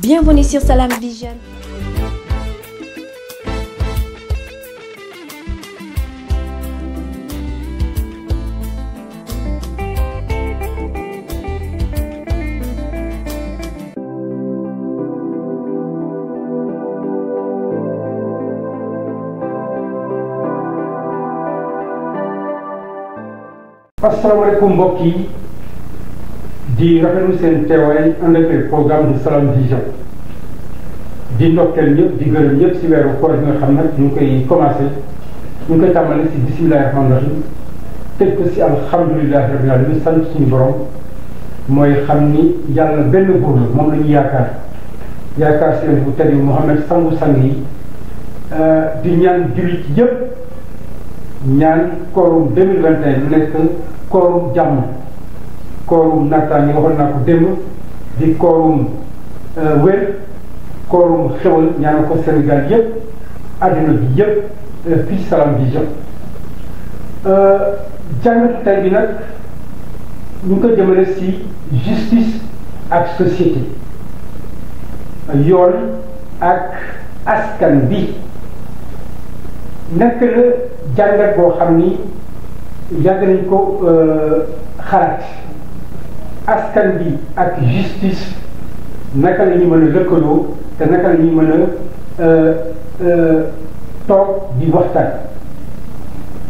Bienvenue sur Salam Vision. asalaamaaleykum mbokk yi di rafetlu seen teewaay ànd ak programme de Salam Vision di ndokkeel ñëpp di gërëm ñëpp si weeru koor bi nga xam nag ñu ngi koy commencé ñu ngi koy tàmbale si bisimilahi rahmaani rahim tëj ko si alhamdulilahi rabbil alamin sant suñu borom mooy xam ni yàlla benn moom la ñu yaakaar yaakaar seen bu tedd sangu sang yi euh, di ñaan jullit yëpp ñaan koorum 2021 nekk koorum jàmm koorum naataange waxoon naa ko démb di koorum euh, wér koorum xewal ñaanal ko Sénégal yëpp adduna bi yëpp euh, fii Salam Vision euh, jàngatu tay bi nag ñu ngi ko jëmale si justice ak société yoon ak askan bi nekk la jàngat boo xam ni yàgg nañ ko xalaat askan bi ak justice naka la ñu mën a lëkkaloo te naka la ñu mën euh, euh, di waxtaan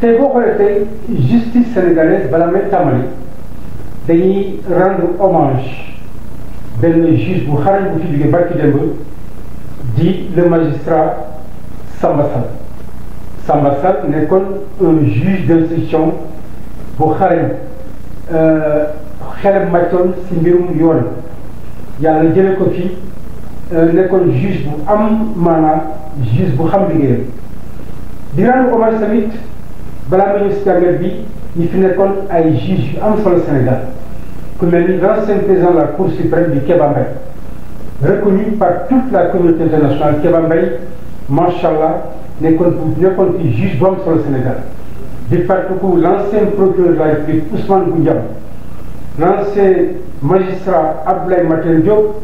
tey boo xoolee tey justice sénégalaise bala may tàmbali dañuy rendre hommage benn juge bu xarañ bu fi jógee di le magistrat Samba Sall Samba Sall nekkoon un juge d'instruction xelam màccoon si mbirum yoon yàlla jële ko fi euh, nekkoon juge bu am maanaam juge bu xam liggéeyam dinaanu Omar tamit balaa ma ñu si jàngat bi ñu fi nekkoon ay juge yu am solo Sénégal ku mel ni l'ancien président de la cour suprême du Kéba Mbaye par toute la communauté internationale Kéba Mbaye macha allah nekkoon ku nekkoon fi juge bu am solo Sénégal di fàttaliku l'ancien procureur de la République Ousmane Goudiam l'ancien magistrat Abdoulaye Matel Diop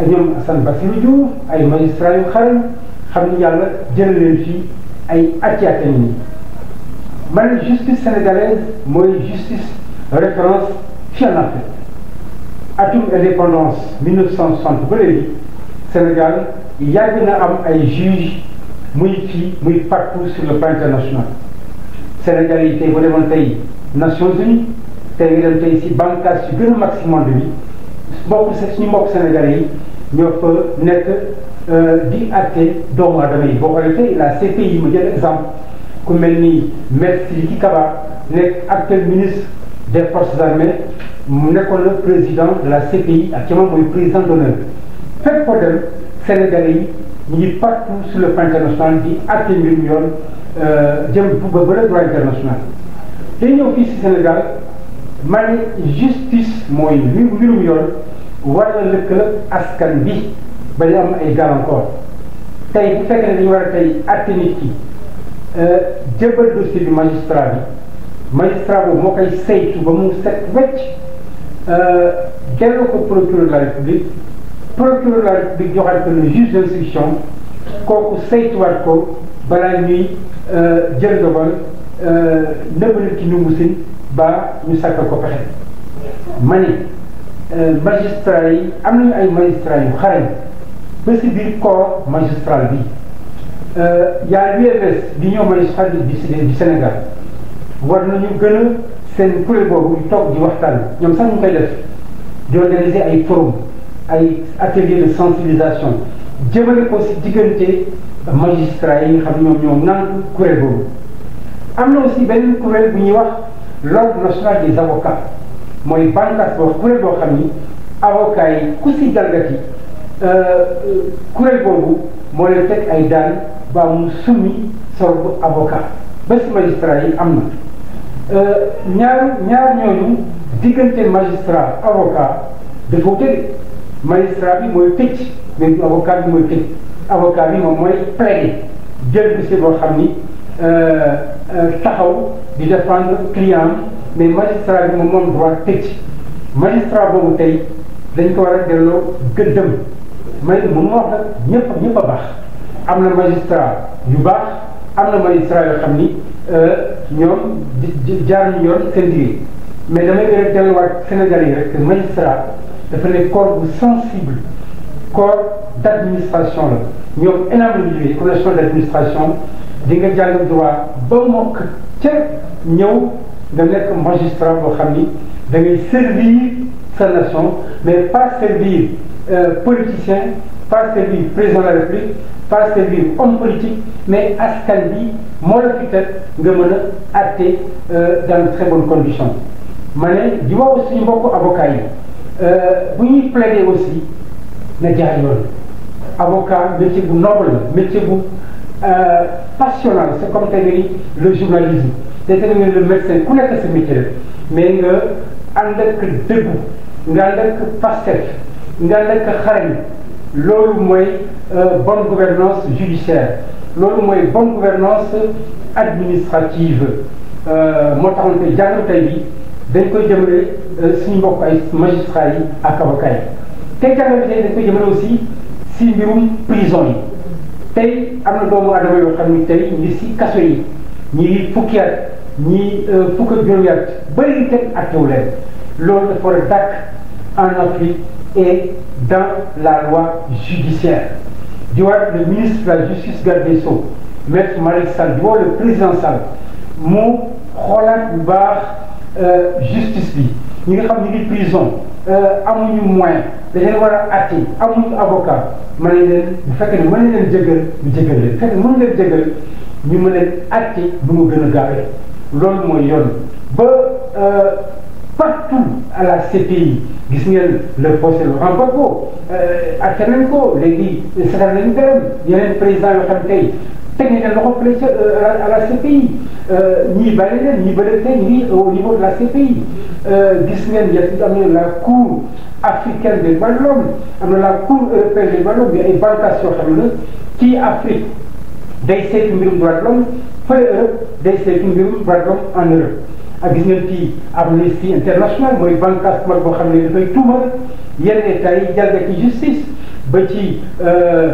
ak ñoom Assane Bassirou Diouf ay magistrat yu xarañ xam ni yàlla jël leen ay ati ati nii man justice sénégalaise mooy justice référence fii en Afrique atum indépendance 1960 ba léegi Sénégal yàgg na am ay juge muy fii muy partout sur le plan international Sénégal yi tey Nations Unies te nga dem tey si bànqaas yu gën a mag si monde bi mbokk suñu mbokk sénégalais yi ñoo fa nekk euh, di àtte doom aadama yi boo xoolee tey la CPI ma jël exemple ku mel ni maître Sidiki Kaba nekk actuel ministre des forces armées mu nekkoon la président de la CPI ak jamono mooy président d'honneur fépp ko dem sénégalais yi ñu ngi partout sur le plan international di àtte mbir mu yoon euh, jëm bu ba bële droit international te ñëw fii si Sénégal. ma ni mooy li mbirum yoon war na lëkkale askan bi ba ñu am ay gàllankoor tey bu fekkee ne dañu war a tey atte nit ki euh, jébal dossier bi magistrat bi magistrat boobu moo koy saytu ba mu set wecc euh, delloo ko procureur la république procureur de la république joxaat ko le juge d'instruction kooku saytuwaat ko balaa ñuy euh, jël dogal nëbal nit ki nu mu sin ba ñu sàkkal ko pexe ma ni euh, magistrat yi am nañu ay magistrat yu xarañ ba si biir corps magistral bi euh, yaa UFS di ñoo magistrat bi du Sénégal war na nañu gën a seen kuréel boobu ñu toog di waxtaan ñoom sax ñu koy def di organiser ay prom ay atelier de sensibilisation jëmale ko si diggante magistrat yi nga ñoom ñoom naan kuréel boobu am na aussi benn kuréel bu ñuy wax l'ordre national des avocats mooy bànqaas boo kuréel boo xam ni avocats yi ku si jalgati euh, euh, kuréel boobu moo leen ay daan ba mu summi sorbu avocat ba yi am na euh, ñaar ñaar ñooñu diggante magistrat avocat dafa wute magistrat bi mooy tëj mais du bi mooy tëj avocat bi moom mooy xam ni taxaw di défendre client mais magistrat bi moom moom droit tëj magistrat boobu tey dañ ko war a delloo gëddëm man moom moo wax nag ñëpp ñëpp a am na magistrat yu baax am na magistrat yoo xam ni euh, ñoom jaar ñu yoon seen liggéey mais damay gën a delluwaat Sénégal yi rek magistrat dafa ne corps bu sensible corps d' administration la ñoom énorme liggéey commission d' administration di nga jàng droit ba mokk ca ñëw nga nekk magistrat boo xam ni da ngay servir sa nation mais pas servir euh, politicien pas servir président de la République pas servir homme politique mais askan bi moo la fi teg nga mën a atte euh, dans de très bonnes conditions ma ne di wax aussi mbokku avocat yi euh, bu ñuy plaider aussi na jaar yoon avocat métier bu noble la métier bu euh, passionnant c'est comme tey jii le journalisme tey jii le médecin ku nekk sa métier la mais nga ànd ak dëggu nga ànd ak pastef nga ànd ak xarañ loolu mooy euh, bonne gouvernance judiciaire loolu bonne gouvernance administrative euh, moo taxoon tey jàng tey bi dañ koy jëmale euh, suñu mbokk ay yi te jàng bi tey dañ koy jëmale aussi si mbirum prison yi tey am na doomu adama yoo xam ni tey ñu si kaso yi ñi fukki at ñi euh, fukk ak juróomi at bëri kenn attewu leen loolu dafa war a dàkk en dans la loi judiciaire di waat le ministre de la justice garde des sceaux maître Malick Sall di woo le président Sall mu xoolaat bu baax euh, justice bi ñi nga xam ni ngi prison euh, amuñu moyen dañ leen war a atti amuñu avocat mën nañ leen bu fekkee ne mën nañ leen jégal ñu jégal leen fekk mën leen jégal ñu mën leen atti bu mu a gaawee loolu mooy yoon ba euh, partout la CPI gis ngeen le procès Laurent Gbagbo atte euh, nañ ko léegi setal nañu gërëm yeneen président yoo xam tey teg nañ leen loxo fële ca à la CPI euh, ñii bari leen ñii bëri leen ñii au niveau de la CPI euh, gis ngeen yéen am na la cour africaine des droits de am na la cour européenne des droits de l'homme bi ay banques yoo xam ne ci Afrique day seeti mbirum droits de l'homme fële Europe day seeti mbirum droits de l'homme en Europe. ak ah, gis ngeen fii Amnesty International mooy bànqaas bu mag boo xam ne dafay tuumal yenn état yi jalgati ba ci euh,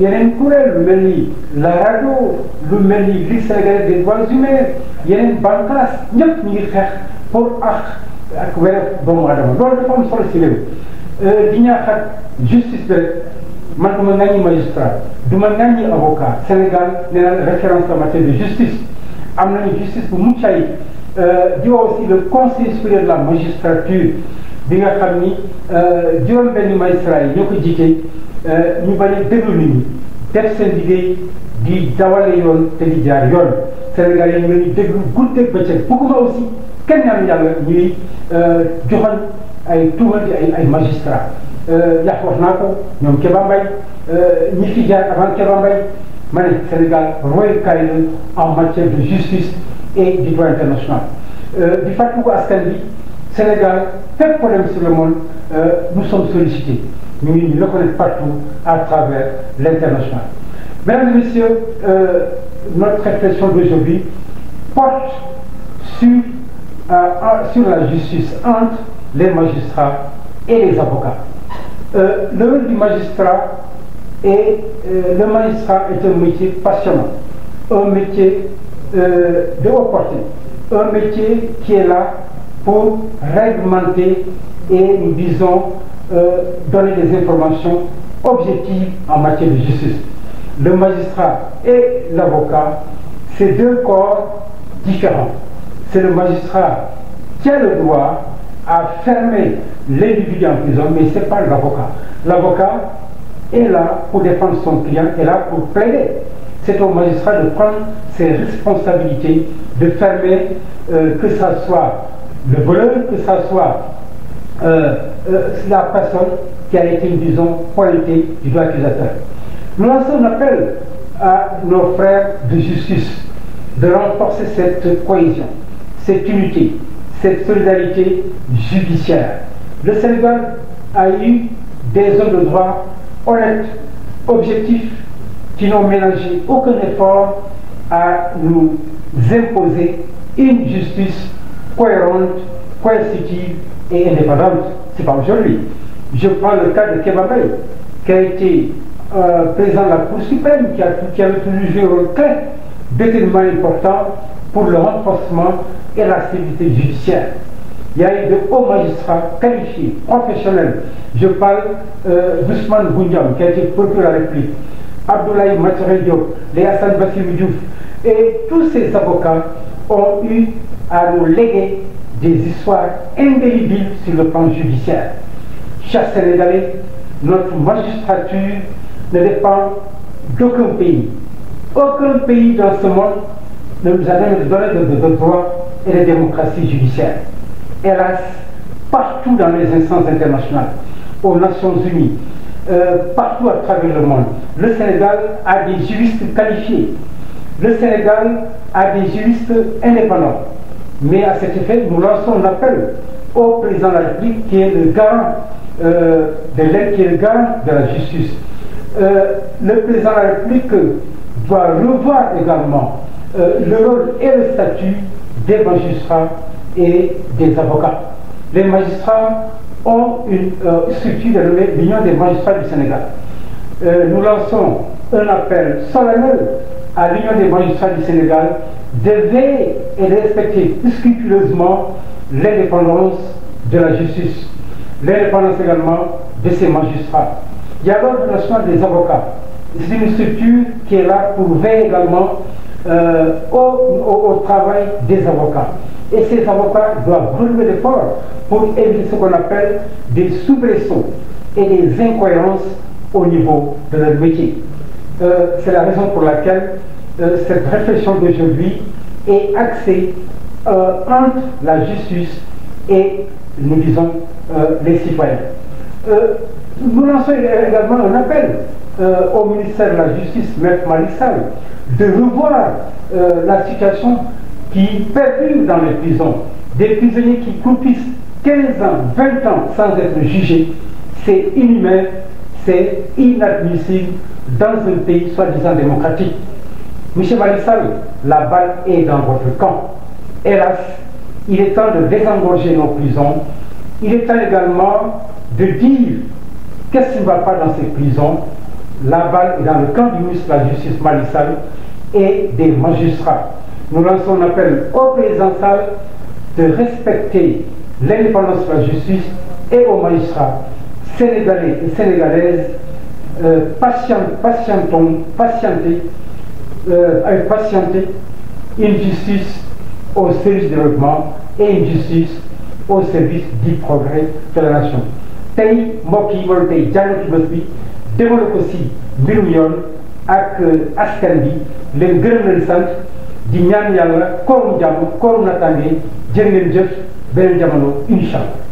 yeneen kuréel lu mel ni la rajo lu mel ni Ligue sénégalaise des droits humains yeneen bànqaas ñëpp ñu ngi xeex pour ak ak wéreef doomu aadama loolu dafa am solo si réew euh, di ñaaxat justice man du ma ŋàññi magistrat du ma ŋàññi avocat senegal nee naa référence en matière justice am nañu justice bu mucc ayib euh, di woo aussi le conseil supérieur de bi nga xam ni euh, juróom benn magistrat yi ñoo ko jiite euh, ñu bañ a déglu nit ñi def seen liggéey di dawale yoon te di jaar yoon Sénégal yi ñu ngi déglu guddeeg bëccëg bëgguma aussi kenn ñaan yàlla ñuy euh, joxal ay tuumal di ay ay magistrat yàq wax naa ko ñoom Kéba Mbaye ñi fi jaar avant Kéba Mbaye ma ne Sénégal royukaay la en matière de justice et du international di fàttali ko askan bi Sénégal fépp problème sur le monde euh, nous sommes sollicités ñu ngi ñu reconnaître partout à travers l'international mesdames et messieurs euh, notre réflexion d'aujourd'hui porte euh, sur la justice entre les magistrats et les avocats euh, le rôle du magistrat est euh, le magistrat est un métier passionnant un métier euh, de haute portée un métier qui est là pour réglementer et, nous disons, euh, donner des informations objectives en matière de justice. Le magistrat et l'avocat, c'est deux corps différents. C'est le magistrat qui le droit à fermer l'individu en prison, mais ce pas l'avocat. L'avocat est là pour défendre son client, est là pour plaider. C'est au magistrat de prendre ses responsabilités, de fermer, euh, que ce soit le bonheur, que ce soit euh, euh, la personne qui a été, disons, pointée du doigt accusateur. Nous lançons un appel à nos frères de justice de renforcer cette cohésion, cette unité, cette solidarité judiciaire. Le Sénégal a eu des hommes de droit honnêtes, objectifs, qui n'ont mélangé aucun effort à nous imposer une justice cohérente, coercitive et indépendante. C'est pas aujourd'hui. Je prends le cas de Kebabé, qui a été euh, président la Cour qui, a, qui avait toujours joué un rôle important pour le renforcement et la stabilité judiciaire. Il y a eu de hauts magistrats qualifiés, professionnels. Je parle euh, d'Ousmane qui a été procureur de la République, Abdoulaye Mataré Diop, Léa Et tous ces avocats ont eu à nous léguer des histoires indélébiles sur le plan judiciaire. Chers Sénégalais, notre magistrature ne dépend d'aucun pays. Aucun pays dans ce monde ne nous a jamais donné de, droit et de démocratie judiciaire. Hélas, partout dans les instances internationales, aux Nations Unies, euh, partout à travers le monde, le Sénégal a des juristes qualifiés, le Sénégal a des juristes indépendants. Mais à cet effet, nous lançons un appel au président de la République qui est le garant euh, de l'aide, qui est le garant de la justice. Euh, le président de la République doit revoir également euh, le rôle et le statut des magistrats et des avocats. Les magistrats ont une structure de l'Union des magistrats du Sénégal. nous lançons un appel solennel à l'Union des magistrats du Sénégal devait et respecter scrupuleusement l'indépendance de la justice, l'indépendance également de ses magistrats. y a l'ordre national des avocats. C'est une structure qui est là pour veiller également euh, au, travail des avocats. Et ces avocats doivent relever l'effort pour éviter ce qu'on appelle des soubresauts et des incohérences au niveau de leur métier. euh, c'est la raison pour laquelle euh, cette réflexion d'aujourd'hui est axée euh, entre la justice et, nous disons, euh, les citoyens. Euh, nous lançons également un appel euh, au ministère de la Justice, Maître Marissal, de revoir la situation qui perdure dans les prisons. Des prisonniers qui croupissent 15 ans, 20 ans sans être jugés, c'est inhumain c'est inadmissible dans un pays soi-disant démocratique. Monsieur Marissal, la balle est dans votre camp. Hélas, il est temps de désengorger nos prisons. Il est temps également de dire qu'est-ce qui ne va pas dans ces prisons. La balle est dans le camp du ministre la Justice Marissal et des magistrats. Nous lançons un appel de respecter l'indépendance de la justice et aux magistrats. sénégalais et sénégalaises euh, patient patientons patienter euh, ay patienter une justice au service du développement et une justice au service du progrès de la nation tey mbokk yi wala tey jàngatu bi démala ko si mbirum yoon ak euh, askan bi leen gërëm leen sant di ñaan yàlla koorum jàmm koorum nattànge jërë ngeen jëf beneen jamono incha